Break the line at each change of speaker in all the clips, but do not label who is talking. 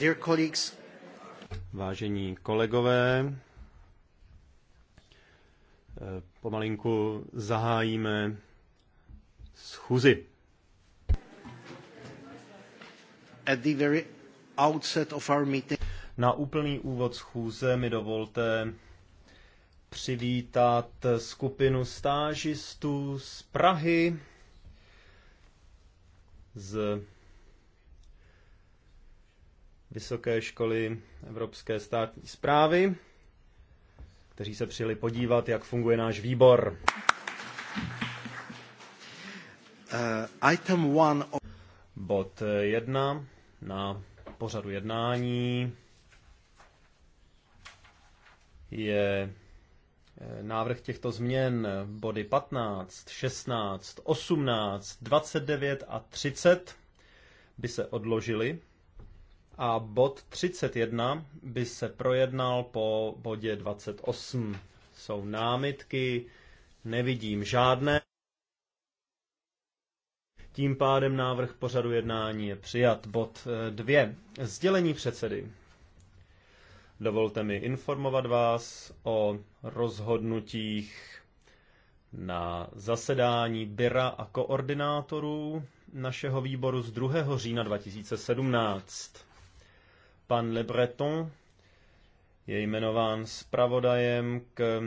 Dear colleagues.
Vážení kolegové, eh, pomalinku zahájíme schůzi. At the very outset of our meeting. Na úplný úvod schůze mi dovolte přivítat skupinu stážistů z Prahy z Vysoké školy Evropské státní zprávy, kteří se přijeli podívat, jak funguje náš výbor. Uh, item one of... Bod jedna na pořadu jednání je eh, návrh těchto změn body 15, 16, 18, 29 a 30 by se odložily a bod 31 by se projednal po bodě 28. Jsou námitky, nevidím žádné. Tím pádem návrh pořadu jednání je přijat. Bod 2. Eh, Sdělení předsedy. Dovolte mi informovat vás o rozhodnutích na zasedání Byra a koordinátorů našeho výboru z 2. října 2017. Pan Le Breton je jmenován zpravodajem k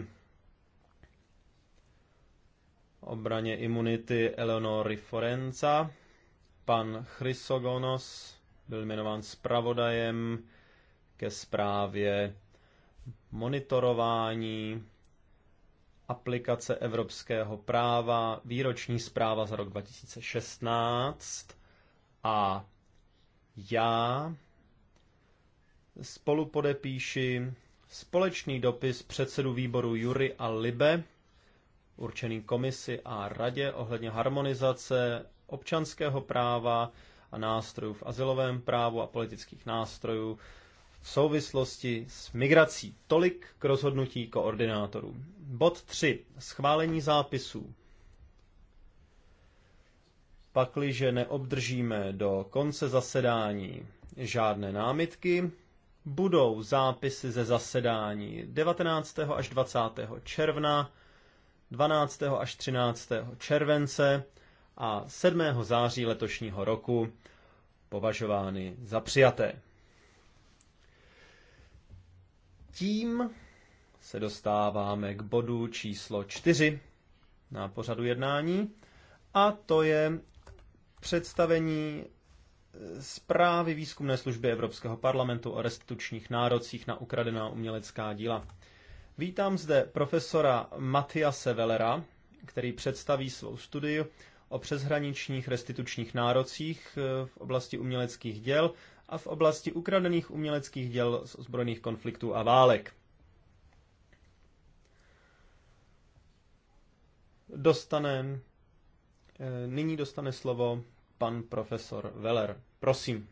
obraně imunity Eleonory Forenza. Pan Chrysogonos byl jmenován zpravodajem ke zprávě monitorování aplikace evropského práva, výroční zpráva za rok 2016 a já spolu podepíši společný dopis předsedu výboru Jury a Libe, určený komisi a radě ohledně harmonizace občanského práva a nástrojů v asilovém právu a politických nástrojů v souvislosti s migrací. Tolik k rozhodnutí koordinátorů. Bod 3. Schválení zápisů. Pakliže neobdržíme do konce zasedání žádné námitky, budou zápisy ze zasedání 19. až 20. června, 12. až 13. července a 7. září letošního roku považovány za přijaté. Tím se dostáváme k bodu číslo 4 na pořadu jednání a to je představení zprávy výzkumné služby Evropského parlamentu o restitučních nárocích na ukradená umělecká díla. Vítám zde profesora Matia Severa, který představí svou studii o přeshraničních restitučních nárocích eh, v oblasti uměleckých děl a v oblasti ukradených uměleckých děl z ozbrojených konfliktů a válek. Dostane, eh, nyní dostane slovo pan profesor Veller. Prosím.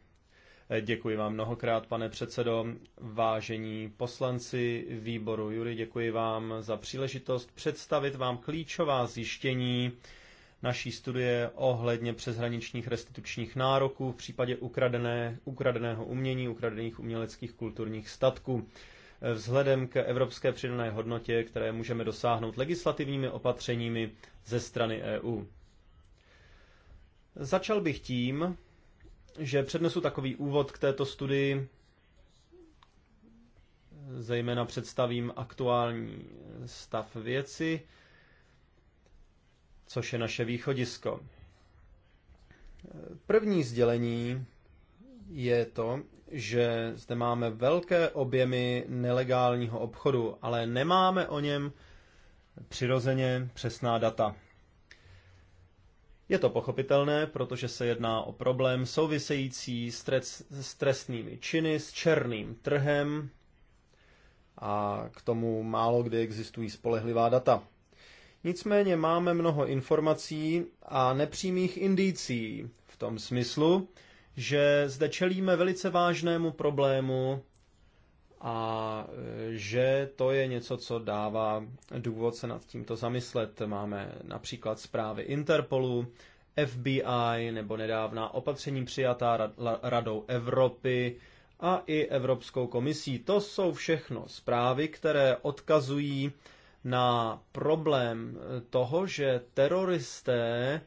Eh, děkuji vám mnohokrát, pane předsedo. Vážení poslanci výboru Jury, děkuji vám za příležitost představit vám klíčová zjištění naší studie ohledně přeshraničních restitučních nároků v případě ukradené, ukradeného umění, ukradených uměleckých kulturních statků. Eh, vzhledem k evropské přidané hodnotě, které můžeme dosáhnout legislativními opatřeními ze strany EU. Začal bych tím, že přednesu takový úvod k této studii, zejména představím aktuální stav věci, což je naše východisko. První sdělení je to, že zde máme velké objemy nelegálního obchodu, ale nemáme o něm přirozeně přesná data. Je to pochopitelné, protože se jedná o problém související s, trec, s trestnými činy, s černým trhem a k tomu málo kdy existují spolehlivá data. Nicméně máme mnoho informací a nepřímých indicí v tom smyslu, že zde čelíme velice vážnému problému a e, že to je něco, co dává důvod se nad tímto zamyslet. Máme například zprávy Interpolu, FBI nebo nedávná opatření přijatá Radou Evropy a i Evropskou komisí. To jsou všechno zprávy, které odkazují na problém toho, že teroristé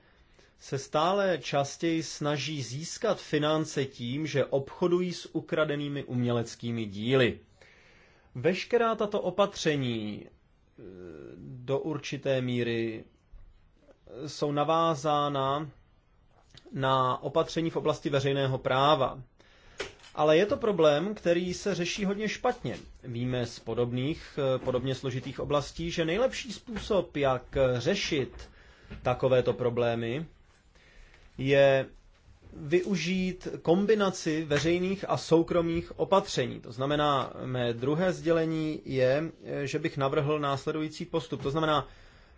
se stále častěji snaží získat finance tím, že obchodují s ukradenými uměleckými díly. Veškerá tato opatření eh, do určité míry eh, jsou navázána na opatření v oblasti veřejného práva. Ale je to problém, který se řeší hodně špatně. Víme z podobných, eh, podobně složitých oblastí, že nejlepší způsob, jak řešit takovéto problémy, je využít kombinaci veřejných a soukromých opatření. To znamená, mé druhé sdělení je, že bych navrhl následující postup. To znamená,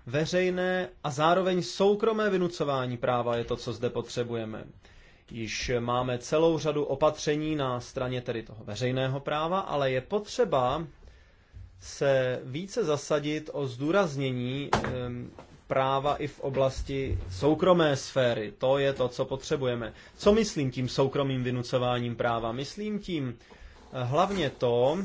veřejné a zároveň soukromé vynucování práva je to, co zde potřebujeme. Již máme celou řadu opatření na straně tedy toho veřejného práva, ale je potřeba se více zasadit o zdůraznění práva i v oblasti soukromé sféry. To je to, co potřebujeme. Co myslím tím soukromým vynucováním práva? Myslím tím eh, hlavně to,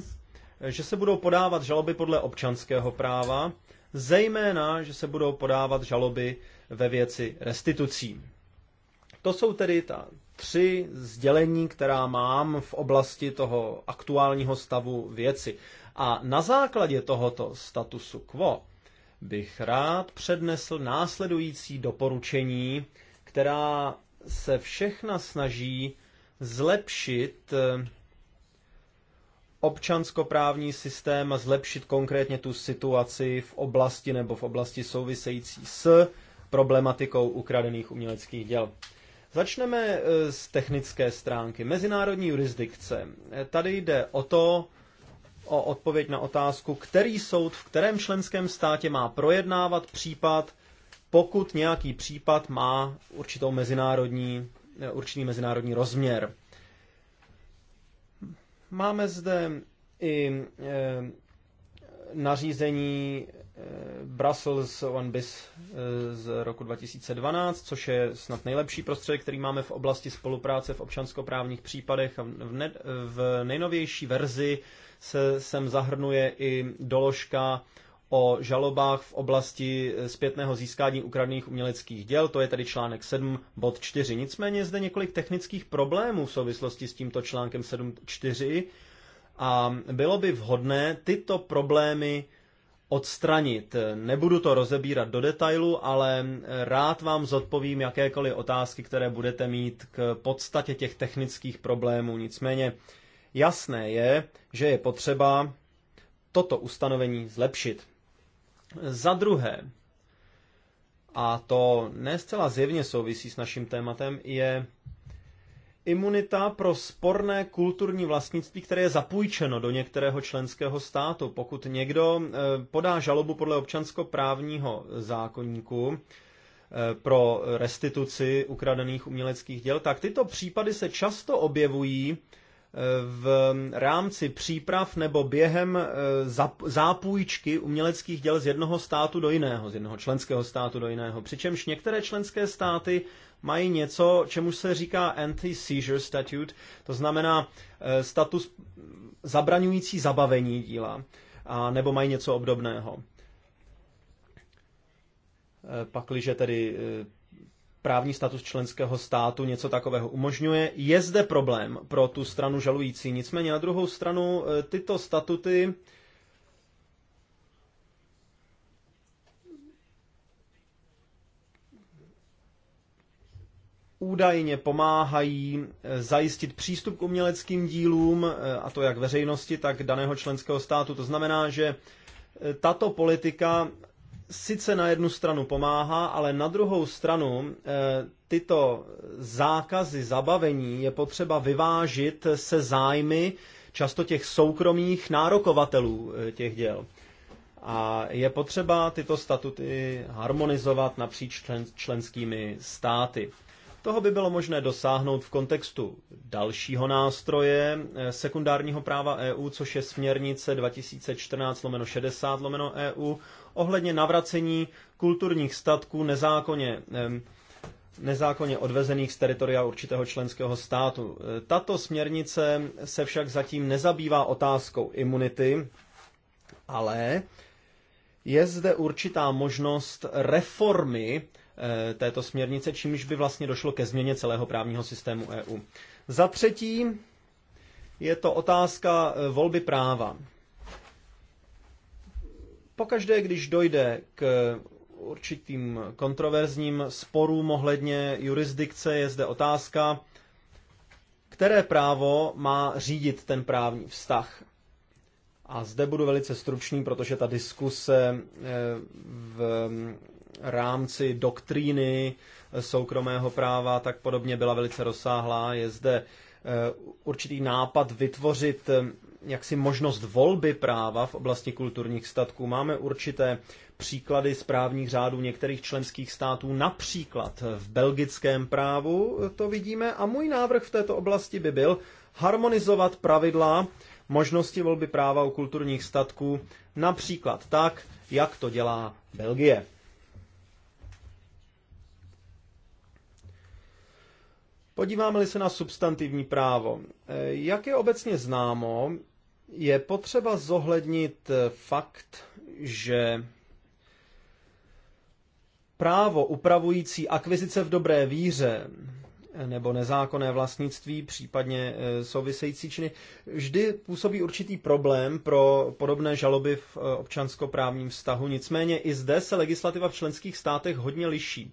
že se budou podávat žaloby podle občanského práva, zejména, že se budou podávat žaloby ve věci restitucí. To jsou tedy ta tři sdělení, která mám v oblasti toho aktuálního stavu věci. A na základě tohoto statusu quo bych rád přednesl následující doporučení, která se všechna snaží zlepšit eh, občanskoprávní systém a zlepšit konkrétně tu situaci v oblasti nebo v oblasti související s problematikou ukradených uměleckých děl. Začneme eh, z technické stránky. Mezinárodní jurisdikce. Eh, tady jde o to, o odpověď na otázku, který soud v kterém členském státě má projednávat případ, pokud nějaký případ má určitou mezinárodní, eh, určitý mezinárodní rozměr. Máme zde i eh, nařízení Eh, Brussels One Bis eh, z roku 2012, což je snad nejlepší prostředek, který máme v oblasti spolupráce v občanskoprávních případech. V, ne, v nejnovější verzi se sem zahrnuje i doložka o žalobách v oblasti eh, zpětného získání ukradných uměleckých děl, to je tedy článek 7, bod 4. Nicméně zde několik technických problémů v souvislosti s tímto článkem 7.4 a bylo by vhodné tyto problémy odstranit. Nebudu to rozebírat do detailu, ale rád vám zodpovím jakékoliv otázky, které budete mít k podstatě těch technických problémů. Nicméně jasné je, že je potřeba toto ustanovení zlepšit. Za druhé, a to ne zcela zjevně souvisí s naším tématem, je imunita pro sporné kulturní vlastnictví, které je zapůjčeno do některého členského státu. Pokud někdo eh, podá žalobu podle občanskoprávního zákonníku eh, pro restituci ukradených uměleckých děl, tak tyto případy se často objevují v rámci příprav nebo během eh, zápůjčky uměleckých děl z jednoho státu do jiného, z jednoho členského státu do jiného. Přičemž některé členské státy mají něco, čemu se říká anti-seizure statute, to znamená eh, status zabraňující zabavení díla, a nebo mají něco obdobného. Eh, pakliže tedy právní status členského státu něco takového umožňuje. Je zde problém pro tu stranu žalující. Nicméně na druhou stranu e, tyto statuty údajně pomáhají e, zajistit přístup k uměleckým dílům, e, a to jak veřejnosti, tak daného členského státu. To znamená, že tato politika sice na jednu stranu pomáhá, ale na druhou stranu eh, tyto zákazy zabavení je potřeba vyvážit se zájmy často těch soukromých nárokovatelů eh, těch děl. A je potřeba tyto statuty harmonizovat napříč členskými státy. Toho by bylo možné dosáhnout v kontextu dalšího nástroje eh, sekundárního práva EU, což je směrnice 2014-60-EU ohledně navracení kulturních statků nezákonně, nezákonně odvezených z teritoria určitého členského státu. Tato směrnice se však zatím nezabývá otázkou imunity, ale je zde určitá možnost reformy eh, této směrnice, čímž by vlastně došlo ke změně celého právního systému EU. Za třetí je to otázka eh, volby práva. Pokaždé, když dojde k určitým kontroverzním sporům ohledně jurisdikce, je zde otázka, které právo má řídit ten právní vztah. A zde budu velice stručný, protože ta diskuse eh, v mm, rámci doktríny soukromého práva tak podobně byla velice rozsáhlá. Je zde eh, určitý nápad vytvořit eh, jaksi možnost volby práva v oblasti kulturních statků. Máme určité příklady z právních řádů některých členských států, například v belgickém právu to vidíme a můj návrh v této oblasti by byl harmonizovat pravidla možnosti volby práva u kulturních statků, například tak, jak to dělá Belgie. Podíváme-li se na substantivní právo. Jak je obecně známo, je potřeba zohlednit fakt, že právo upravující akvizice v dobré víře nebo nezákonné vlastnictví, případně e, související činy, vždy působí určitý problém pro podobné žaloby v e, občanskoprávním vztahu. Nicméně i zde se legislativa v členských státech hodně liší.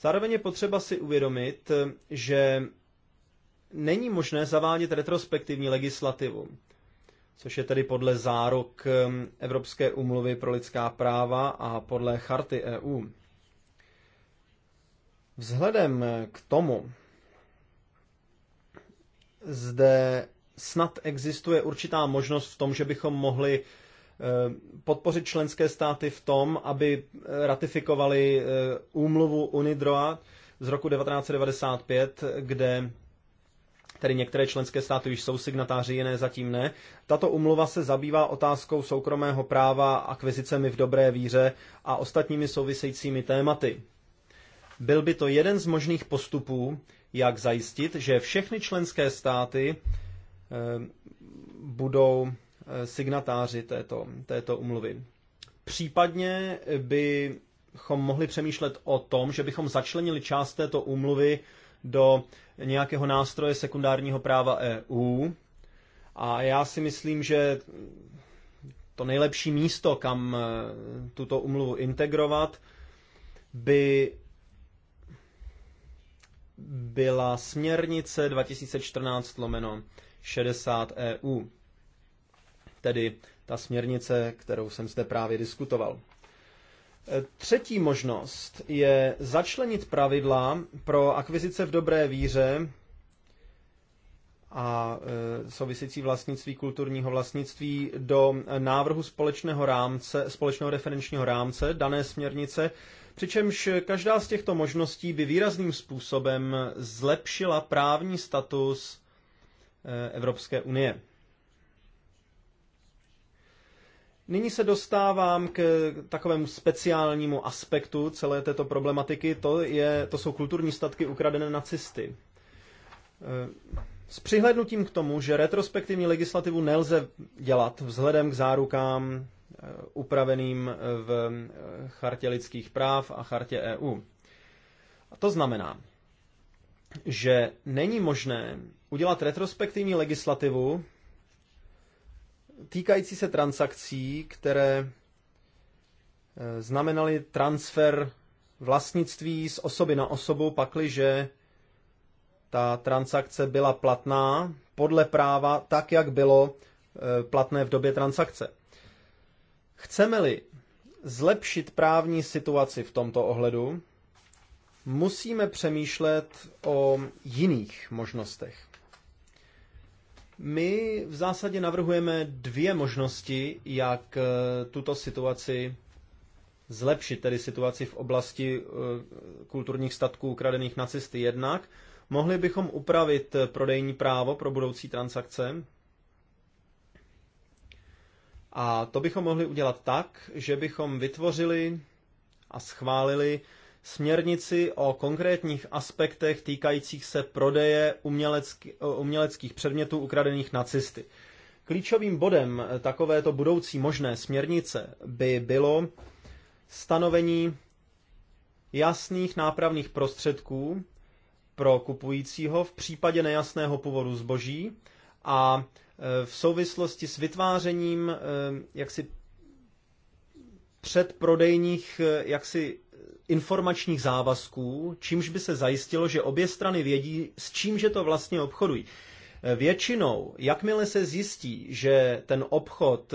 Zároveň je potřeba si uvědomit, e, že není možné zavádět retrospektivní legislativu což je tedy podle zárok um, Evropské umluvy pro lidská práva a podle charty EU. Vzhledem k tomu, zde snad existuje určitá možnost v tom, že bychom mohli um, podpořit členské státy v tom, aby ratifikovali uh, úmluvu UNIDROA z roku 1995, kde tedy některé členské státy už jsou signatáři, jiné zatím ne. Tato umluva se zabývá otázkou soukromého práva, akvizicemi v dobré víře a ostatními souvisejícími tématy. Byl by to jeden z možných postupů, jak zajistit, že všechny členské státy eh, budou eh, signatáři této, této umluvy. Případně bychom mohli přemýšlet o tom, že bychom začlenili část této úmluvy do nějakého nástroje sekundárního práva EU. A já si myslím, že to nejlepší místo, kam eh, tuto umluvu integrovat, by byla směrnice 2014 lomeno 60 EU, tedy ta směrnice, kterou jsem zde právě diskutoval. Třetí možnost je začlenit pravidla pro akvizice v dobré víře a e, souvisící vlastnictví kulturního vlastnictví do návrhu společného rámce, společného referenčního rámce dané směrnice, přičemž každá z těchto možností by výrazným způsobem zlepšila právní status e, Evropské unie. Nyní se dostávám k takovému speciálnímu aspektu celé této problematiky, to, je, to jsou kulturní statky ukradené nacisty. E, s přihlednutím k tomu, že retrospektivní legislativu nelze dělat vzhledem k zárukám e, upraveným e, v chartě lidských práv a chartě EU. A to znamená, že není možné udělat retrospektivní legislativu týkající se transakcí, které e, znamenaly transfer vlastnictví z osoby na osobu, pakliže ta transakce byla platná podle práva tak, jak bylo e, platné v době transakce. Chceme-li zlepšit právní situaci v tomto ohledu, musíme přemýšlet o jiných možnostech. My v zásadě navrhujeme dvě možnosti, jak eh, tuto situaci zlepšit, tedy situaci v oblasti eh, kulturních statků ukradených nacisty. Jednak mohli bychom upravit eh, prodejní právo pro budoucí transakce, a to bychom mohli udělat tak, že bychom vytvořili a schválili směrnici o konkrétních aspektech týkajících se prodeje umělecky, uměleckých předmětů ukradených nacisty. Klíčovým bodem takovéto budoucí možné směrnice by bylo stanovení jasných nápravných prostředků pro kupujícího v případě nejasného původu zboží a e, v souvislosti s vytvářením e, jaksi předprodejních e, jaksi informačních závazků, čímž by se zajistilo, že obě strany vědí, s čím že to vlastně obchodují. Eh, většinou, jakmile se zjistí, že ten obchod,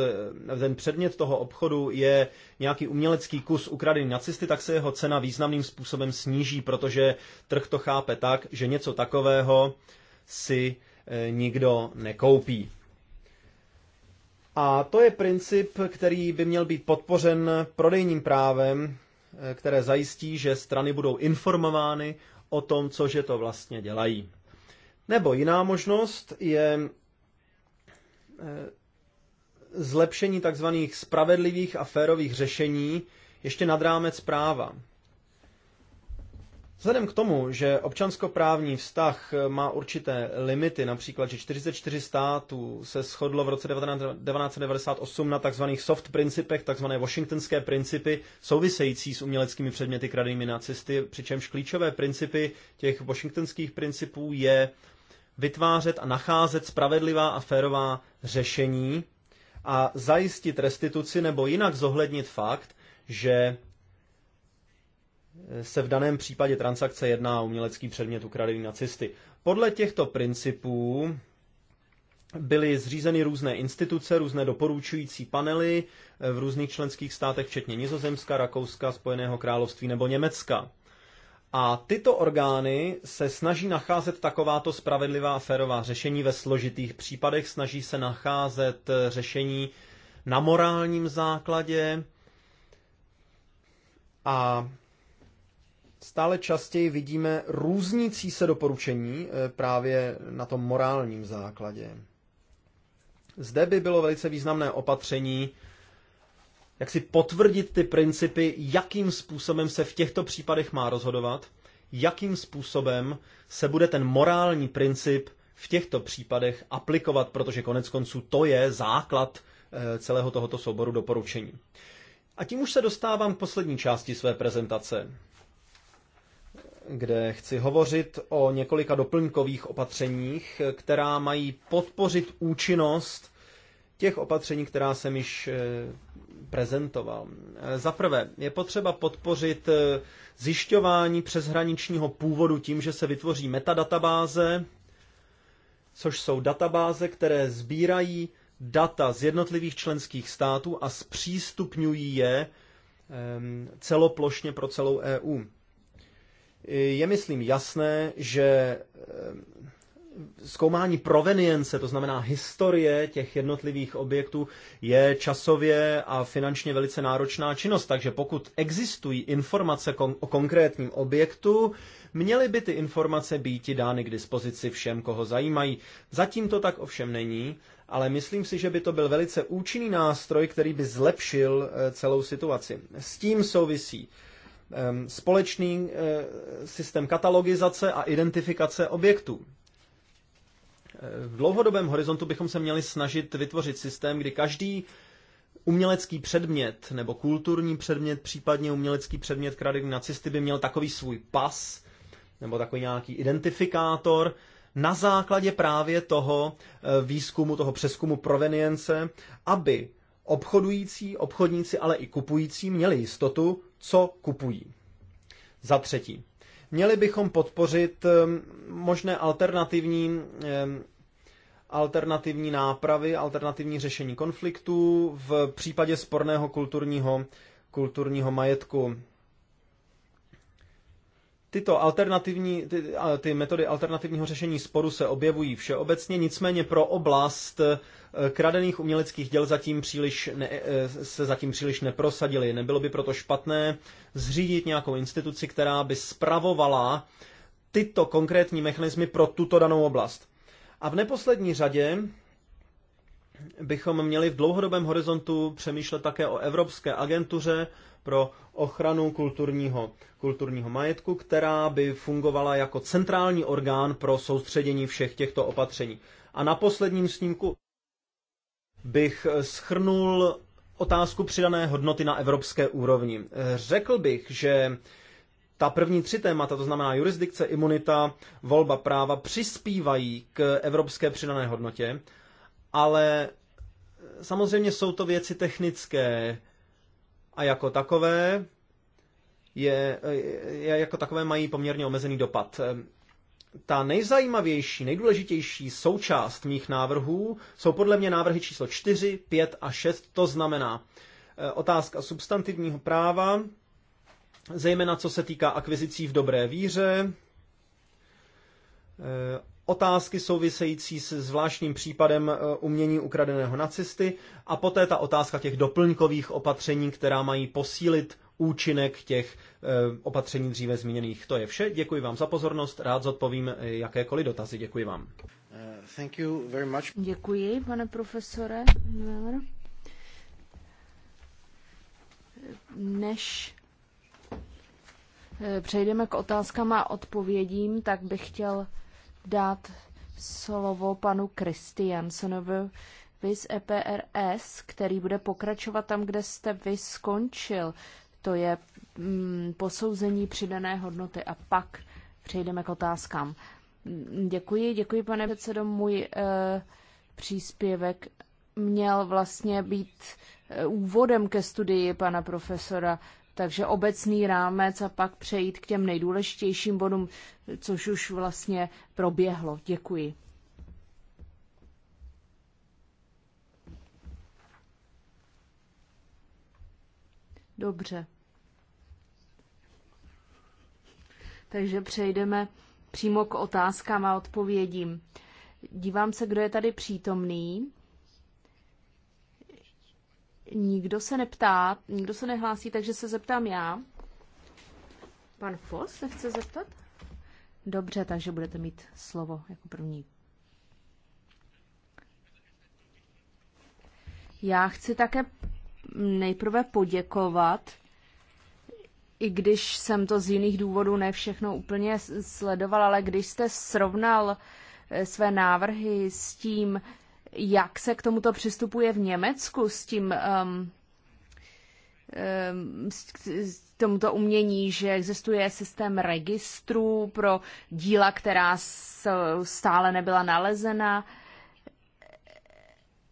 eh, ten předmět toho obchodu je nějaký umělecký kus ukradený nacisty, tak se jeho cena významným způsobem sníží, protože trh to chápe tak, že něco takového si eh, nikdo nekoupí. A to je princip, který by měl být podpořen prodejním právem, Eh, které zajistí, že strany budou informovány o tom, cože to vlastně dělají. Nebo jiná možnost je eh, zlepšení takzvaných spravedlivých a férových řešení ještě nad rámec práva. Vzhledem k tomu, že občanskoprávní vztah má určité limity, například, že 44 států se shodlo v roce 1998 na tzv. soft principech, tzv. washingtonské principy, související s uměleckými předměty kradenými nacisty, přičemž klíčové principy těch washingtonských principů je vytvářet a nacházet spravedlivá a férová řešení a zajistit restituci nebo jinak zohlednit fakt, že se v daném případě transakce jedná o umělecký předmět ukradený nacisty. Podle těchto principů byly zřízeny různé instituce, různé doporučující panely v různých členských státech, včetně Nizozemska, Rakouska, Spojeného království nebo Německa. A tyto orgány se snaží nacházet takováto spravedlivá a férová řešení ve složitých případech, snaží se nacházet řešení na morálním základě a stále častěji vidíme různící se doporučení eh, právě na tom morálním základě. Zde by bylo velice významné opatření, jak si potvrdit ty principy, jakým způsobem se v těchto případech má rozhodovat, jakým způsobem se bude ten morální princip v těchto případech aplikovat, protože konec konců to je základ eh, celého tohoto souboru doporučení. A tím už se dostávám k poslední části své prezentace kde chci hovořit o několika doplňkových opatřeních, která mají podpořit účinnost těch opatření, která jsem již eh, prezentoval. Eh, za prvé, je potřeba podpořit eh, zjišťování přeshraničního původu tím, že se vytvoří metadatabáze, což jsou databáze, které sbírají data z jednotlivých členských států a zpřístupňují je ehm, celoplošně pro celou EU je myslím jasné, že eh, zkoumání provenience, to znamená historie těch jednotlivých objektů, je časově a finančně velice náročná činnost. Takže pokud existují informace o konkrétním objektu, měly by ty informace být dány k dispozici všem, koho zajímají. Zatím to tak ovšem není, ale myslím si, že by to byl velice účinný nástroj, který by zlepšil eh, celou situaci. S tím souvisí společný eh, systém katalogizace a identifikace objektů. Eh, v dlouhodobém horizontu bychom se měli snažit vytvořit systém, kdy každý umělecký předmět nebo kulturní předmět, případně umělecký předmět kradený nacisty by měl takový svůj pas nebo takový nějaký identifikátor na základě právě toho eh, výzkumu, toho přeskumu provenience, aby obchodující, obchodníci, ale i kupující měli jistotu, co kupují. Za třetí, měli bychom podpořit ehm, možné alternativní ehm, alternativní nápravy, alternativní řešení konfliktů v případě sporného kulturního, kulturního majetku. Tyto alternativní, ty, ty metody alternativního řešení sporu se objevují všeobecně, nicméně pro oblast Eh, kradených uměleckých děl zatím příliš ne, eh, se zatím příliš neprosadili. Nebylo by proto špatné zřídit nějakou instituci, která by spravovala tyto konkrétní mechanismy pro tuto danou oblast. A v neposlední řadě bychom měli v dlouhodobém horizontu přemýšlet také o Evropské agentuře pro ochranu kulturního, kulturního majetku, která by fungovala jako centrální orgán pro soustředění všech těchto opatření. A na posledním snímku bych schrnul otázku přidané hodnoty na evropské úrovni. Řekl bych, že ta první tři témata, to znamená jurisdikce, imunita, volba práva, přispívají k evropské přidané hodnotě, ale samozřejmě jsou to věci technické a jako takové je, je, jako takové mají poměrně omezený dopad ta nejzajímavější, nejdůležitější součást mých návrhů jsou podle mě návrhy číslo 4, 5 a 6, to znamená eh, otázka substantivního práva, zejména co se týká akvizicí v dobré víře, eh, otázky související se zvláštním případem eh, umění ukradeného nacisty a poté ta otázka těch doplňkových opatření, která mají posílit účinek těch eh, opatření dříve zmíněných. To je vše, děkuji vám za pozornost, rád zodpovím eh,
jakékoliv dotazy, děkuji vám. Eh, thank you very much. Děkuji, pane profesore Než přejdeme k otázkám a odpovědím, tak bych chtěl dát slovo panu Kristiansonovi z EPRS, který bude pokračovat tam, kde jste vy skončil to je mm, posouzení přidané hodnoty a pak přejdeme k otázkám. Děkuji, děkuji pane předsedo. Můj e, příspěvek měl vlastně být eh, úvodem ke studii pana profesora, takže obecný rámec a pak přejít k těm nejdůležitějším bodům, což už vlastně proběhlo. Děkuji. Dobře. Takže přejdeme přímo k otázkám a odpovědím. Dívám se, kdo je tady přítomný. Nikdo se neptá, nikdo se nehlásí, takže se zeptám já. Pan Fos se chce zeptat? Dobře, takže budete mít slovo jako první. Já chci také nejprve poděkovat, i když jsem to z jiných důvodů ne všechno úplně sledoval, ale když jste srovnal eh, své návrhy s tím, jak se k tomuto přistupuje v Německu, s tím um, s tomuto umění, že existuje systém registrů pro díla, která stále nebyla nalezena,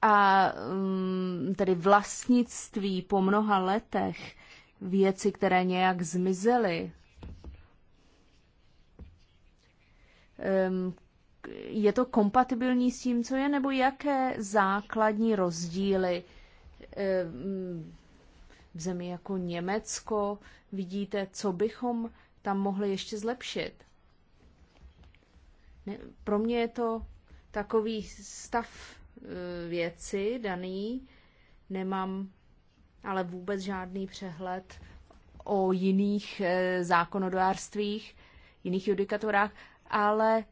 a mm, tedy vlastnictví po mnoha letech, věci, které nějak zmizely. Ehm, je to kompatibilní s tím, co je, nebo jaké základní rozdíly ehm, v zemi jako Německo vidíte, co bychom tam mohli ještě zlepšit? Pro mě je to takový stav Eh, věci daný, nemám ale vůbec žádný přehled o jiných eh, zákonodárstvích, jiných judikaturách, ale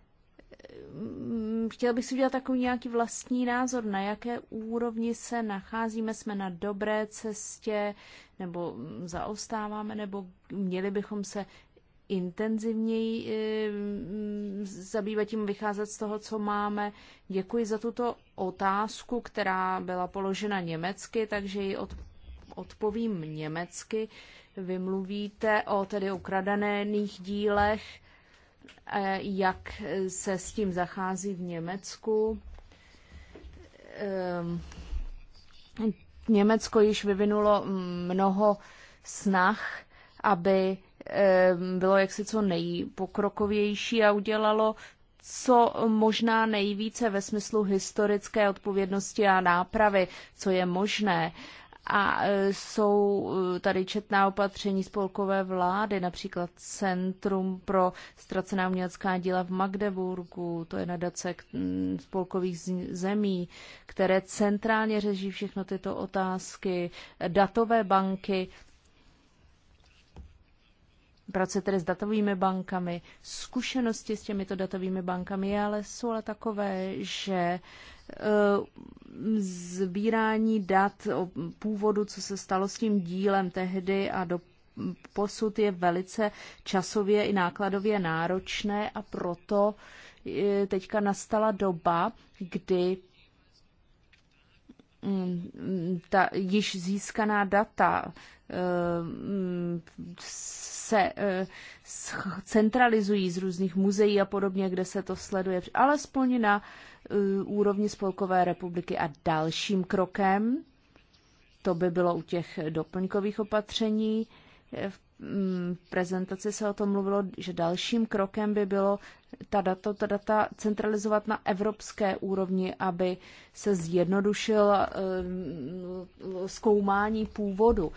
mm, chtěl bych si udělat takový nějaký vlastní názor, na jaké úrovni se nacházíme, jsme na dobré cestě, nebo mm, zaostáváme, nebo měli bychom se intenzivněji eh, zabývat tím, vycházet z toho, co máme. Děkuji za tuto otázku, která byla položena německy, takže ji odpovím německy. Vy mluvíte o tedy ukradených dílech, eh, jak se s tím zachází v Německu. Ehm, Německo již vyvinulo mnoho snah, aby Eh, bylo jaksi co nejpokrokovější a udělalo co možná nejvíce ve smyslu historické odpovědnosti a nápravy, co je možné. A eh, jsou eh, tady četná opatření spolkové vlády, například Centrum pro ztracená umělecká díla v Magdeburgu, to je nadace mm, spolkových zemí, které centrálně řeší všechno tyto otázky, datové banky práce tedy s datovými bankami. Zkušenosti s těmito datovými bankami je ale, jsou ale takové, že eh, sbírání dat o původu, co se stalo s tím dílem tehdy a do posud je velice časově i nákladově náročné a proto eh, teďka nastala doba, kdy mm, ta již získaná data se eh, centralizují z různých muzeí a podobně, kde se to sleduje, alespoň na eh, úrovni Spolkové republiky a dalším krokem, to by bylo u těch doplňkových opatření, eh, v mm, prezentaci se o tom mluvilo, že dalším krokem by bylo ta data, ta data centralizovat na evropské úrovni, aby se zjednodušil zkoumání původu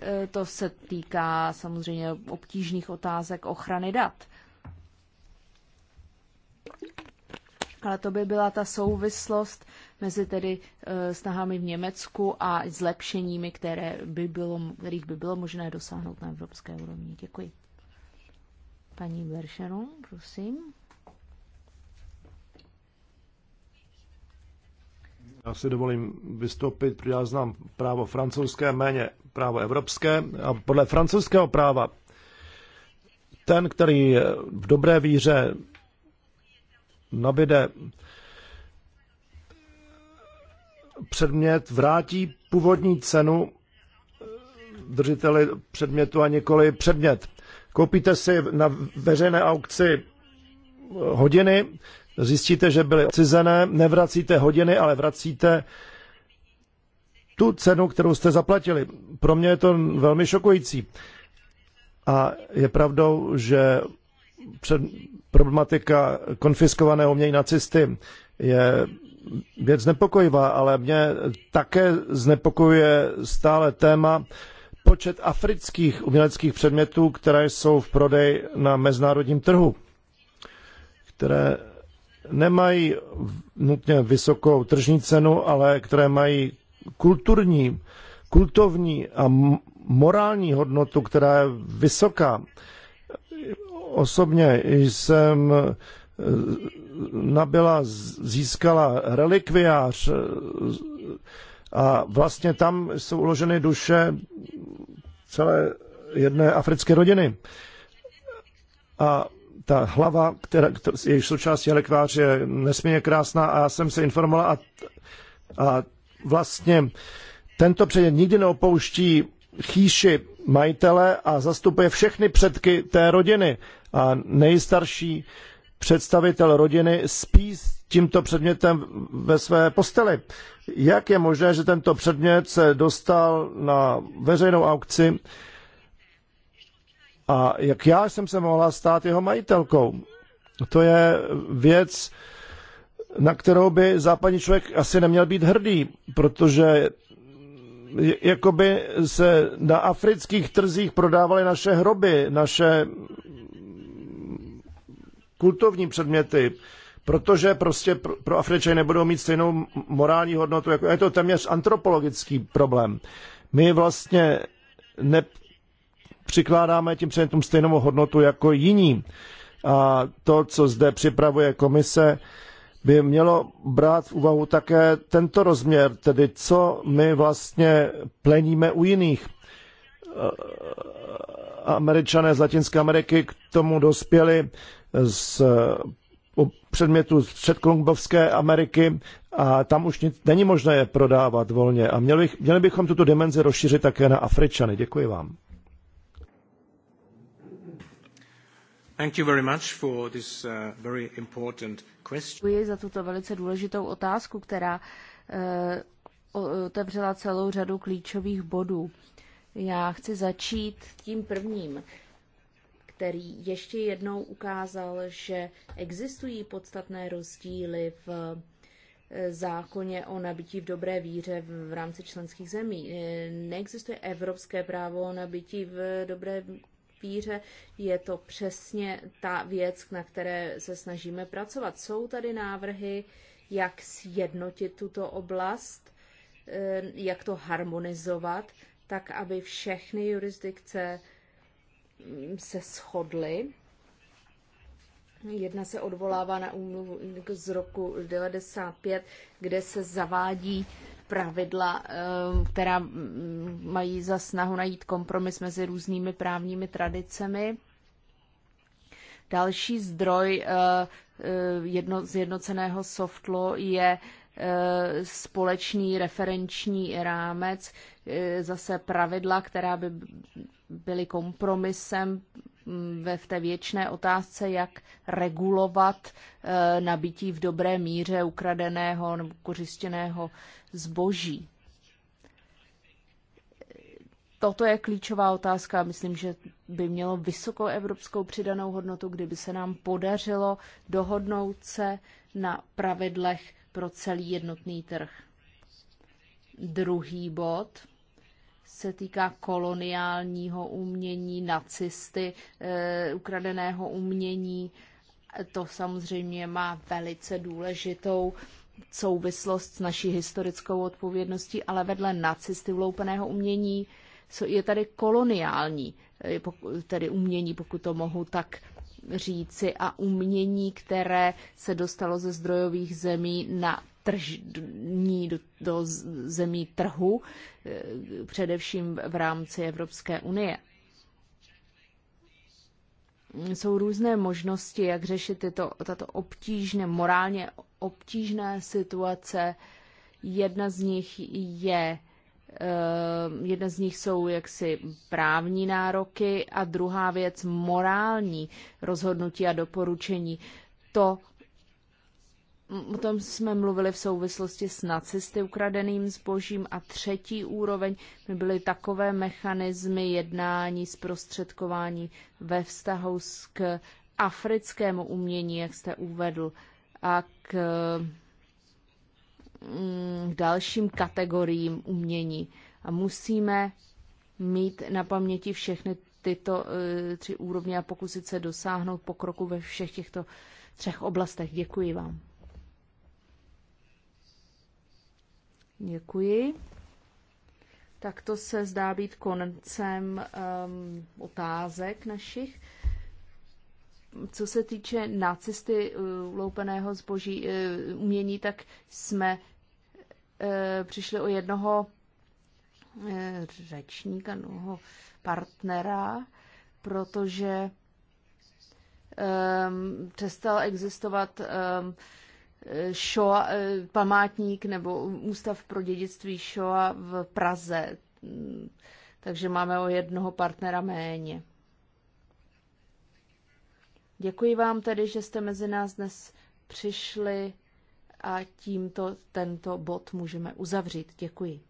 Eh, to se týká samozřejmě obtížných otázek ochrany dat. Ale to by byla ta souvislost mezi tedy eh, snahami v Německu a zlepšeními, které by bylo, kterých by bylo možné dosáhnout na evropské úrovni. Děkuji. Paní Beršeron, prosím.
Já si dovolím vystoupit, protože já znám právo francouzské, méně právo evropské. A podle francouzského práva ten, který v dobré víře nabide předmět, vrátí původní cenu držiteli předmětu a nikoli předmět. Koupíte si na veřejné aukci hodiny, zjistíte, že byly odcizené, nevracíte hodiny, ale vracíte tu cenu, kterou jste zaplatili. Pro mě je to velmi šokující. A je pravdou, že před problematika konfiskovaného umění nacisty je věc znepokojivá, ale mě také znepokojuje stále téma počet afrických uměleckých předmětů, které jsou v prodeji na mezinárodním trhu, které nemají nutně vysokou tržní cenu, ale které mají kulturní, kultovní a morální hodnotu, která je vysoká. Osobně jsem e, nabila, získala relikviář e, a vlastně tam jsou uloženy duše celé jedné africké rodiny. A ta hlava, která, jejíž součástí je lekvář, je nesmírně krásná a já jsem se informovala a, a vlastně tento předmět nikdy neopouští chýši majitele a zastupuje všechny předky té rodiny. A nejstarší představitel rodiny spí s tímto předmětem ve své posteli. Jak je možné, že tento předmět se dostal na veřejnou aukci a jak já jsem se mohla stát jeho majitelkou. To je věc, na kterou by západní člověk asi neměl být hrdý, protože jakoby se na afrických trzích prodávaly naše hroby, naše kultovní předměty, protože prostě pro Afričany nebudou mít stejnou morální hodnotu. Jako je to téměř antropologický problém. My vlastně ne, přikládáme tím předmětům stejnou hodnotu jako jiní. A to, co zde připravuje komise, by mělo brát v úvahu také tento rozměr, tedy co my vlastně pleníme u jiných. Američané z Latinské Ameriky k tomu dospěli z předmětu z předkolumbovské Ameriky a tam už nic, není možné je prodávat volně. A měli, měli bychom tuto dimenzi rozšířit také na Afričany. Děkuji vám.
Thank you very much for this uh, very important
question. Děkuji za tuto velice důležitou otázku, která uh, otevřela celou řadu klíčových bodů. Já chci začít tím prvním, který ještě jednou ukázal, že existují podstatné rozdíly v eh, zákoně o nabití v dobré víře v rámci členských zemí. Eh, neexistuje evropské právo o nabití v dobré papíře, je to přesně ta věc, na které se snažíme pracovat. Jsou tady návrhy, jak sjednotit tuto oblast, eh, jak to harmonizovat, tak aby všechny jurisdikce mm, se shodly. Jedna se odvolává na úmluvu z roku 95, kde se zavádí pravidla, eh, která mm, mají za snahu najít kompromis mezi různými právními tradicemi. Další zdroj eh, eh, jedno, zjednoceného softlo je společný referenční rámec, Eh, zase pravidla, která by byly kompromisem mm, ve v té věčné otázce, jak regulovat eh, nabití v dobré míře ukradeného nebo kořistěného zboží. Toto je klíčová otázka myslím, že by mělo vysokou evropskou přidanou hodnotu, kdyby se nám podařilo dohodnout se na pravidlech pro celý jednotný trh. Druhý bod se týká koloniálního umění, nacisty, eh, ukradeného umění. To samozřejmě má velice důležitou souvislost s naší historickou odpovědností, ale vedle nacisty vloupeného umění je tady koloniální, eh, tedy umění, pokud to mohu tak říci, a umění, které se dostalo ze zdrojových zemí na tržní, do, do zemí trhu, eh, především v rámci Evropské unie. Jsou různé možnosti, jak řešit tyto, tato obtížné, morálně obtížné situace. Jedna z nich je eh, Jedna z nich jsou jaksi právní nároky a druhá věc morální rozhodnutí a doporučení. To O tom jsme mluvili v souvislosti s nacisty ukradeným zbožím a třetí úroveň by byly takové mechanismy jednání, zprostředkování ve vztahu k africkému umění, jak jste uvedl, a k, mm, k dalším kategoriím umění. A musíme mít na paměti všechny tyto e, tři úrovně a pokusit se dosáhnout pokroku ve všech těchto třech oblastech. Děkuji vám. Děkuji. Tak to se zdá být koncem um, otázek našich. Co se týče nacisty uh, uloupeného zboží uh, umění, tak jsme uh, přišli o jednoho uh, řečníka, jednoho partnera, protože um, přestal existovat um, Shoa, eh, památník nebo Ústav pro dědictví Shoa v Praze. Mm, takže máme o jednoho partnera méně. Děkuji vám tedy, že jste mezi nás dnes přišli a tímto tento bod můžeme uzavřít. Děkuji.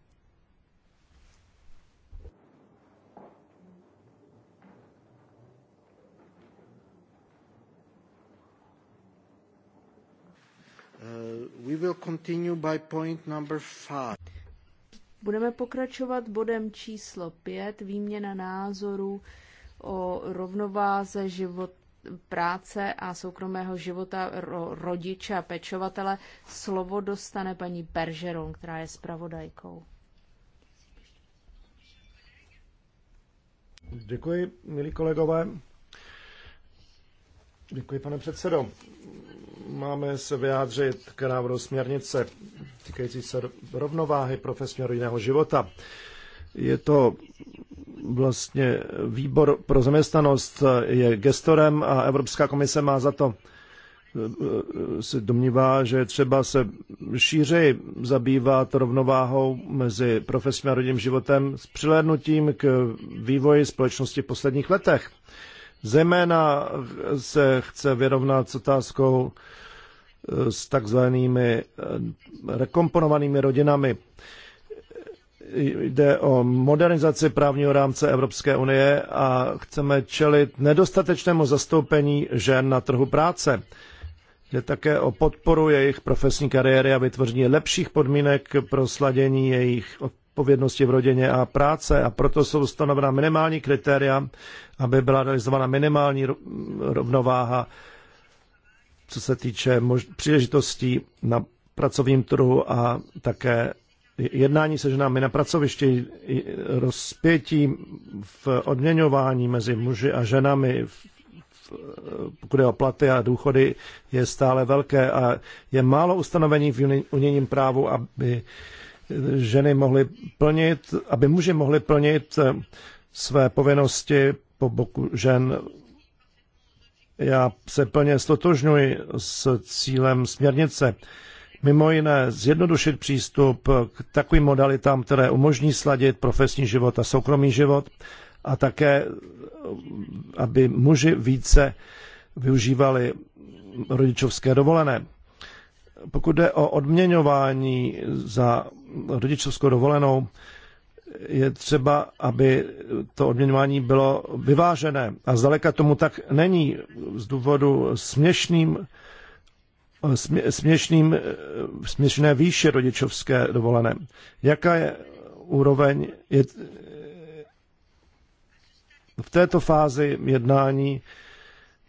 continue by point number five.
Budeme pokračovat bodem číslo 5, výměna názorů o rovnováze život, práce a soukromého života ro, rodiče a pečovatele. Slovo dostane paní Peržeron, která je zpravodajkou.
Děkuji, milí kolegové. Děkuji, pane předsedo máme se vyjádřit k návrhu směrnice týkající se rovnováhy profesního rodinného života. Je to vlastně výbor pro zaměstnanost je gestorem a Evropská komise má za to se domnívá, že třeba se šířeji zabývat rovnováhou mezi profesním a rodinným životem s přilédnutím k vývoji společnosti v posledních letech. Zejména se chce vyrovnat s otázkou s takzvanými eh, rekomponovanými rodinami. Jde o modernizaci právního rámce Evropské unie a chceme čelit nedostatečnému zastoupení žen na trhu práce. Jde také o podporu jejich profesní kariéry a vytvoření lepších podmínek pro sladění jejich odpovědnosti v rodině a práce a proto jsou stanovena minimální kritéria, aby byla realizována minimální rovnováha co se týče mož- příležitostí na pracovním trhu a také jednání se ženami na pracovišti, rozpětí v odměňování mezi muži a ženami, pokud je o platy a důchody, je stále velké a je málo ustanovení v unijním právu, aby ženy mohly plnit, aby muži mohli plnit eh, své povinnosti po boku žen já se plně stotožňuji s cílem směrnice. Mimo jiné zjednodušit přístup k takovým modalitám, které umožní sladit profesní život a soukromý život a také, aby muži více využívali rodičovské dovolené. Pokud jde o odměňování za rodičovskou dovolenou, je třeba, aby to odměňování bylo vyvážené. A zdaleka tomu tak není z důvodu směšným, smě, směšným, směšné výše rodičovské dovolené. Jaká je úroveň? Je, v této fázi jednání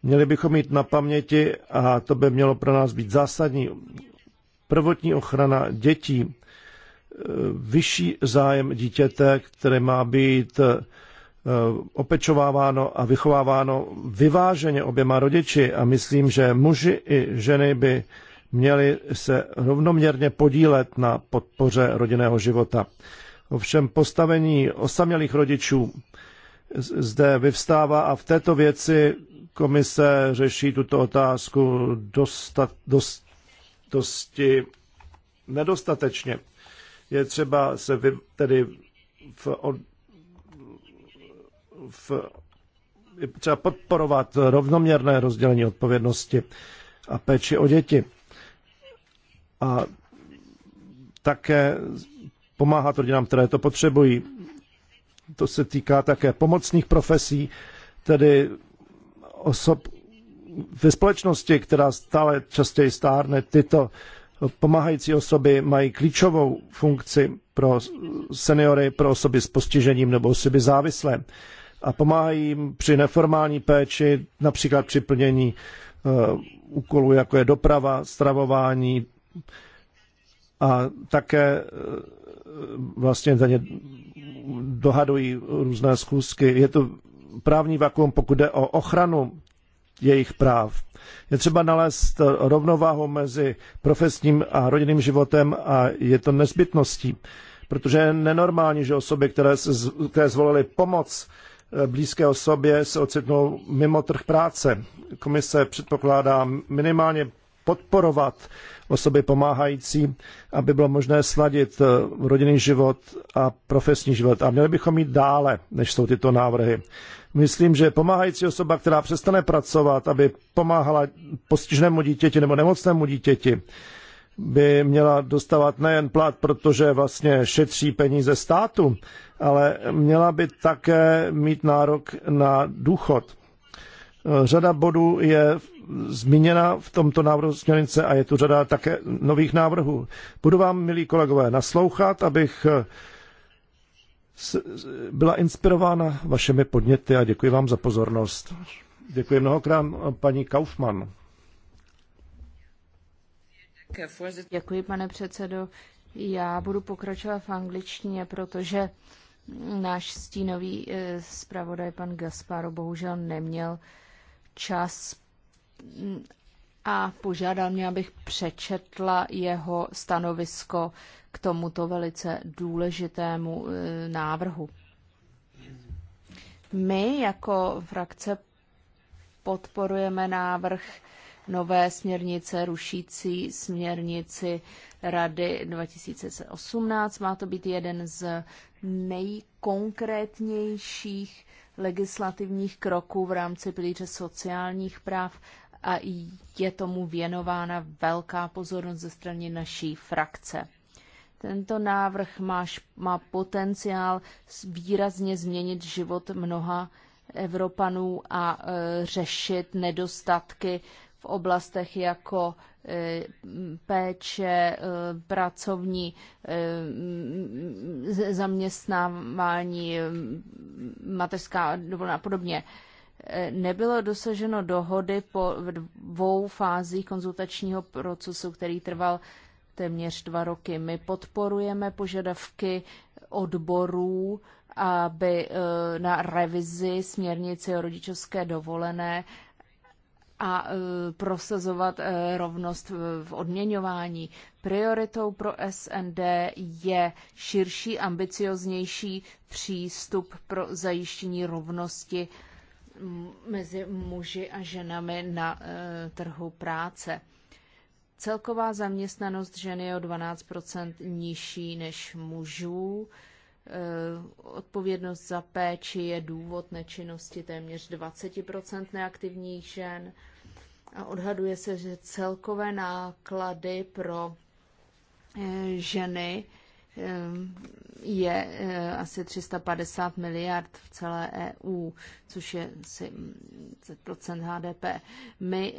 měli bychom mít na paměti, a to by mělo pro nás být zásadní, prvotní ochrana dětí, vyšší zájem dítěte, které má být eh, opečováváno a vychováváno vyváženě oběma rodiči a myslím, že muži i ženy by měli se rovnoměrně podílet na podpoře rodinného života. Ovšem postavení osamělých rodičů zde vyvstává a v této věci komise řeší tuto otázku dostat, dost, dosti nedostatečně je třeba se vy, tedy v, od, v, je třeba podporovat rovnoměrné rozdělení odpovědnosti a péči o děti. A také pomáhat rodinám, které to potřebují. To se týká také pomocných profesí, tedy osob ve společnosti, která stále častěji stárne, tyto pomáhající osoby mají klíčovou funkci pro seniory, pro osoby s postižením nebo osoby závislé a pomáhají jim při neformální péči, například při plnění eh, úkolů, jako je doprava, stravování a také eh, vlastně za ně dohadují různé schůzky. Je to právní vakuum, pokud jde o ochranu jejich práv. Je třeba nalézt rovnováhu mezi profesním a rodinným životem a je to nezbytností, protože je nenormální, že osoby, které, se, které zvolily pomoc eh, blízké osobě, se ocitnou mimo trh práce. Komise předpokládá minimálně podporovat osoby pomáhající, aby bylo možné sladit eh, rodinný život a profesní život. A měli bychom jít dále, než jsou tyto návrhy. Myslím, že pomáhající osoba, která přestane pracovat, aby pomáhala postiženému dítěti nebo nemocnému dítěti, by měla dostávat nejen plat, protože vlastně šetří peníze státu, ale měla by také mít nárok na důchod. Řada bodů je zmíněna v tomto návrhu směrnice a je tu řada také nových návrhů. Budu vám, milí kolegové, naslouchat, abych eh, byla inspirována vašimi podněty a děkuji vám za pozornost. Děkuji mnohokrát paní Kaufmann.
Děkuji, pane předsedo. Já budu pokračovat v angličtině, protože náš stínový eh, zpravodaj pan Gasparo bohužel neměl čas a požádal mě, abych přečetla jeho stanovisko k tomuto velice důležitému e, návrhu. My jako frakce podporujeme návrh nové směrnice rušící směrnici Rady 2018. Má to být jeden z nejkonkrétnějších legislativních kroků v rámci pilíře sociálních práv a je tomu věnována velká pozornost ze strany naší frakce. Tento návrh má, má potenciál výrazně změnit život mnoha Evropanů a e, řešit nedostatky v oblastech jako Eh, péče, eh, pracovní eh, zaměstnávání, mateřská dovolená a podobně. Nebylo dosaženo dohody po dvou fázích konzultačního procesu, který trval téměř dva roky. My podporujeme požadavky odborů aby na revizi směrnice o rodičovské dovolené a e, prosazovat e, rovnost v odměňování. Prioritou pro SND je širší, ambicioznější přístup pro zajištění rovnosti mezi muži a ženami na e, trhu práce. Celková zaměstnanost žen je o 12 nižší než mužů. Eh, odpovědnost za péči je důvod nečinnosti téměř 20 neaktivních žen. A odhaduje se, že celkové náklady pro eh, ženy eh, je asi 350 miliard v celé EU, což je asi 10 HDP. My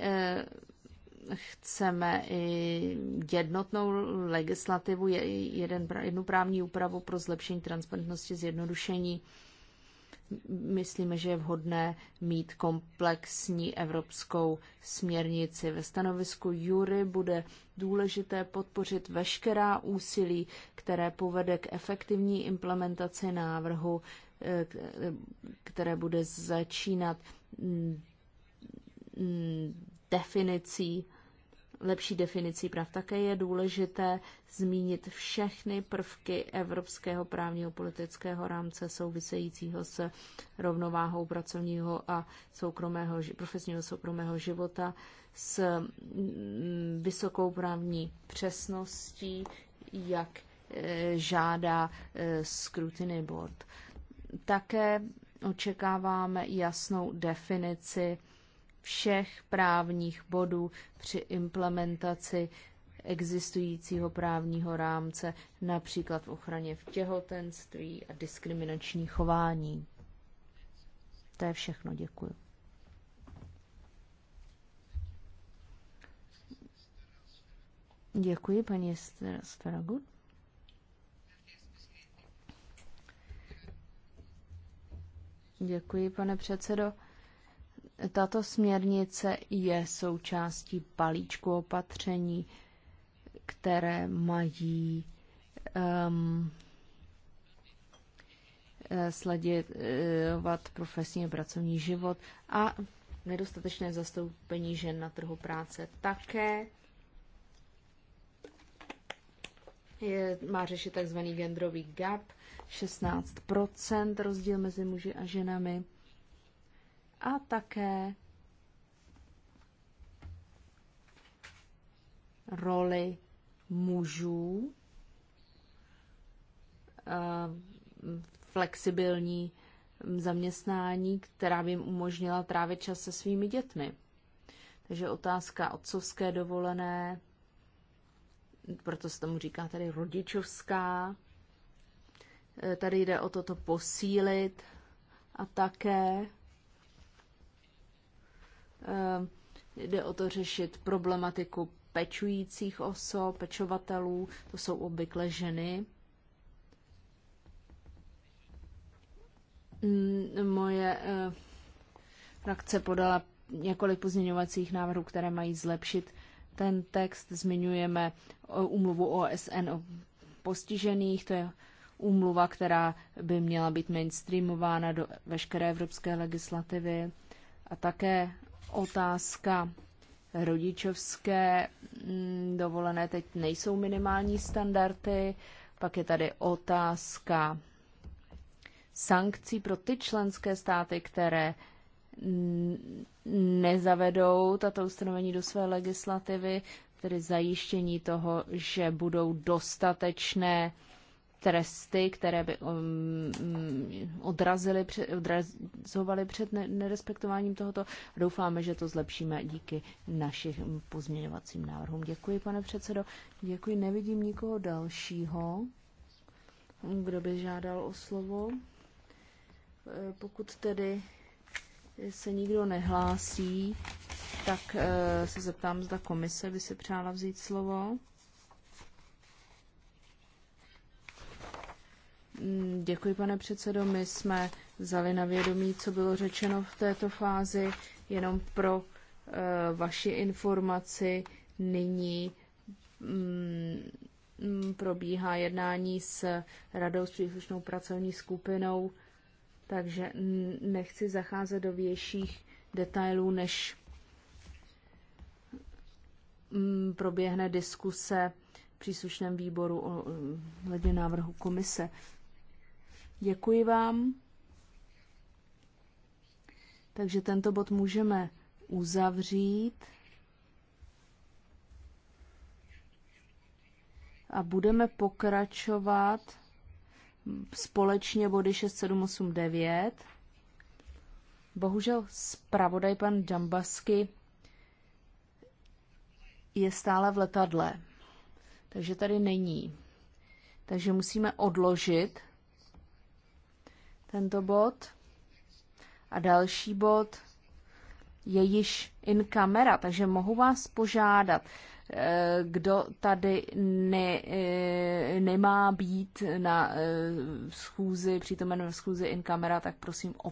chceme i jednotnou legislativu, jeden, jednu právní úpravu pro zlepšení transparentnosti, zjednodušení. Myslíme, že je vhodné mít komplexní evropskou směrnici. Ve stanovisku Jury bude důležité podpořit veškerá úsilí, které povede k efektivní implementaci návrhu, eh, které bude začínat mm, mm, definicí lepší definicí práv. Také je důležité zmínit všechny prvky evropského právního politického rámce souvisejícího se rovnováhou pracovního a soukromého, profesního soukromého života s mm, vysokou právní přesností, jak e, žádá e, Scrutiny Board. Také očekáváme jasnou definici všech právních bodů při implementaci existujícího právního rámce, například v ochraně v těhotenství a diskriminační chování. To je všechno, děkuji. Děkuji, paní Sferagut. Děkuji, pane předsedo. Tato směrnice je součástí balíčku opatření, které mají um, eh, sledovat eh, profesní a pracovní život a nedostatečné zastoupení žen na trhu práce také je, má řešit tzv. genderový gap, 16% rozdíl mezi muži a ženami a také roli mužů, eh, flexibilní zaměstnání, která by jim umožnila trávit čas se svými dětmi. Takže otázka otcovské dovolené, proto se tomu říká tady rodičovská. Eh, tady jde o toto posílit a také Ehm, jde o to řešit problematiku pečujících osob, pečovatelů, to jsou obvykle ženy. Moje eh, frakce podala několik pozměňovacích návrhů, které mají zlepšit ten text. Zmiňujeme umluvu eh, OSN o postižených, to je úmluva, která by měla být mainstreamována do veškeré evropské legislativy a také otázka rodičovské mm, dovolené teď nejsou minimální standardy. Pak je tady otázka sankcí pro ty členské státy, které nezavedou tato ustanovení do své legislativy, tedy zajištění toho, že budou dostatečné tresty, které by um, mm, odrazily, odrazovaly před nerespektováním tohoto. Doufáme, že to zlepšíme díky našich pozměňovacím návrhům. Děkuji, pane předsedo. Děkuji. Nevidím nikoho dalšího, kdo by žádal o slovo. E, pokud tedy se nikdo nehlásí, tak e, se zeptám, zda komise by si přála vzít slovo. Mm, děkuji, pane předsedo. My jsme vzali na vědomí, co bylo řečeno v této fázi. Jenom pro uh, vaši informaci nyní um, probíhá jednání s radou s příslušnou pracovní skupinou, takže nechci zacházet do větších detailů, než um, proběhne diskuse příslušném výboru o eh, návrhu komise. Děkuji vám. Takže tento bod můžeme uzavřít. A budeme pokračovat společně body 6, 7, 8, 9. Bohužel zpravodaj pan Dambasky je stále v letadle, takže tady není. Takže musíme odložit tento bod. A další bod je již in camera, takže mohu vás požádat, eh, kdo tady ne, eh, nemá být na eh, schůzi, přítomen schůzi in camera, tak prosím o